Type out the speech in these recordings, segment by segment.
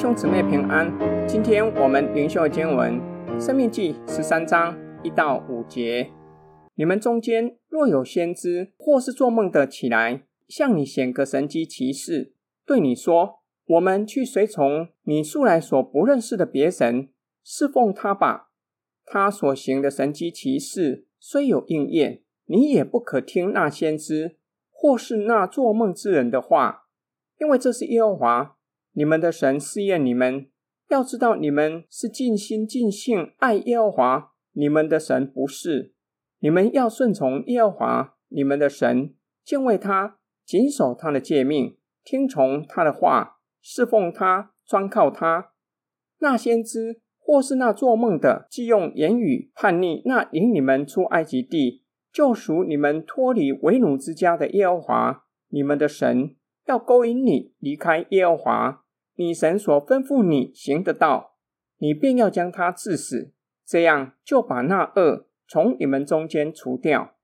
兄姊妹平安，今天我們靈修經文《申命記》十三章一到五節。你們中間若有先知或是做夢的起來，向你顯個神蹟奇事，對你說：“我們去隨從你素來所不認識的別神，侍奉他吧。”他所行的神蹟奇事雖有應驗，你也不可聽那先知或是那做夢之人的話，因為這是耶和華。你們的神試驗你們，要知道你們是盡心盡性愛耶和華，你們的神不是。你們要順從耶和華，你們的神，敬畏他，謹守他的誡命，聽從他的話，侍奉他，專靠他。那先知或是那做夢的，既用言語叛逆那引你們出埃及地、救贖你們脫離為奴之家的耶和華，你們的神要勾引你離開耶和華。你神所吩咐你行的道，你便要將他治死，這樣就把那惡從你們中間除掉。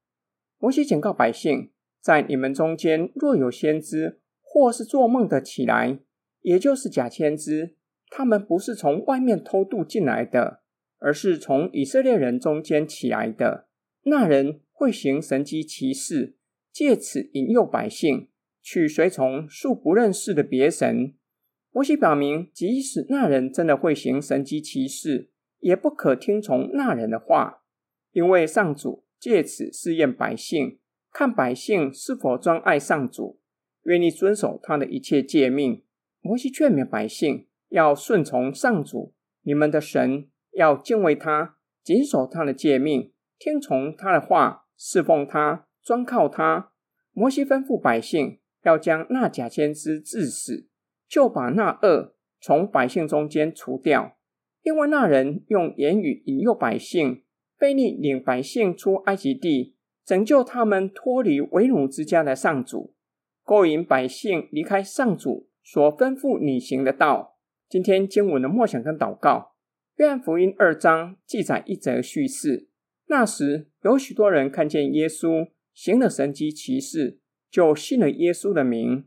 摩西警告百姓，在你們中間若有先知或是做夢的起來，也就是假先知，他們不是從外面偷渡進來的，而是從以色列人中間起來的。那人會行神蹟奇事，借此引誘百姓去隨從素不認識的別神。摩西表明，即使那人真的會行神蹟奇事，也不可聽從那人的話，因為上主借此試驗百姓，看百姓是否專愛上主，願意遵守他的一切誡命。摩西勸勉百姓要順從上主，你們的神要敬畏他，謹守他的誡命，聽從他的話，侍奉他，專靠他。摩西吩咐百姓要將那假先知治死。就把那惡從百姓中間除掉，因為那人用言語引誘百姓，背逆領百姓出埃及地，拯救他們脫離為奴之家的上主，勾引百姓離開上主所吩咐你行的道。今天經文的默想跟禱告，約翰福音二章記載一則敘事，那時有許多人看見耶穌行了神蹟奇事，就信了耶穌的名。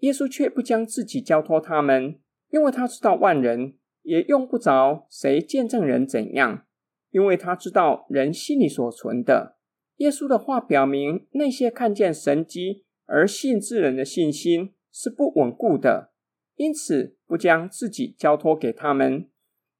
耶穌卻不將自己交託他們，因為他知道萬人也用不着誰見證人怎樣，因為他知道人心裡所存的。耶穌的話表明，那些看見神跡而信之人的信心是不穩固的，因此不將自己交託給他們。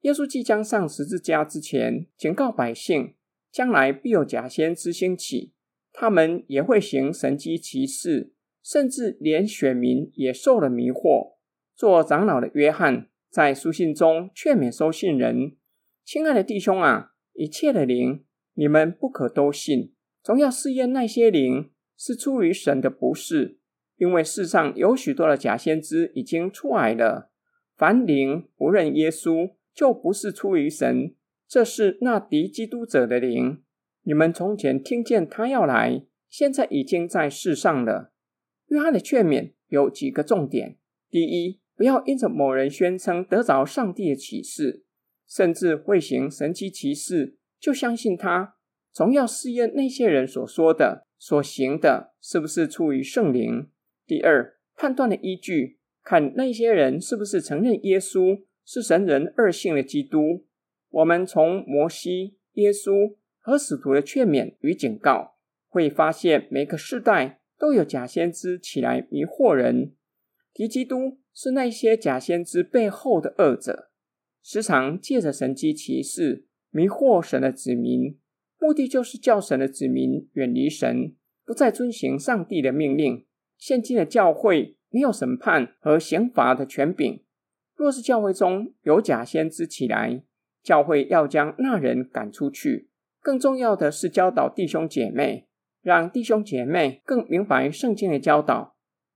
耶穌即將上十字架之前，警告百姓：將來必有假先知興起，他們也會行神跡奇事。甚至連選民也受了迷惑。作長老的約翰在書信中勸勉收信人：“親愛的弟兄啊，一切的靈，你們不可都信，總要試驗那些靈是出於神的，不是。因為世上有許多的假先知已經出來了。凡靈不認耶穌，就不是出於神，這是那敵基督者的靈。你們從前聽見他要來，現在已經在世上了。”約翰的勸勉有幾個重點：第一，不要因着某人宣稱得着上帝的啟示，甚至會行神蹟奇事，就相信他；總要試驗那些人所說的、所行的，是不是出於聖靈。第二，判斷的依據，看那些人是不是承認耶穌是神人二性的基督。我們從摩西、耶穌和使徒的勸勉與警告，會發現每個世代，都有假先知起來迷惑人，敵基督是那些假先知背後的惡者，時常借着神蹟奇事迷惑神的子民，目的就是叫神的子民遠離神，不再遵行上帝的命令。現今的教會沒有審判和刑罰的權柄，若是教會中有假先知起來，教會要將那人趕出去。更重要的是教導弟兄姐妹。讓弟兄姐妹更明白聖經的教導，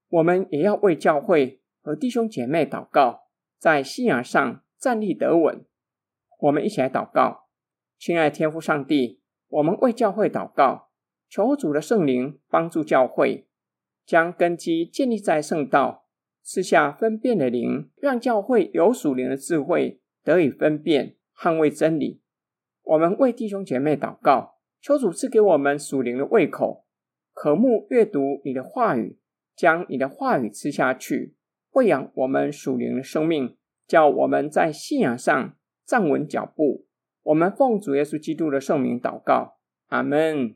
我們也要為教會和弟兄姐妹禱告，在信仰上站立得穩。我們一起來禱告，親愛的天父上帝，我們為教會禱告，求主的聖靈幫助教會，將根基建立在聖道，賜下分辨的靈，讓教會有屬靈的智慧得以分辨、捍衛真理。我們為弟兄姐妹禱告。求主賜給我們屬靈的胃口，渴慕閱讀你的話語，將你的話語吃下去，餵養我們屬靈的生命，叫我們在信仰上站穩腳步。我們奉主耶穌基督的聖名禱告，阿門。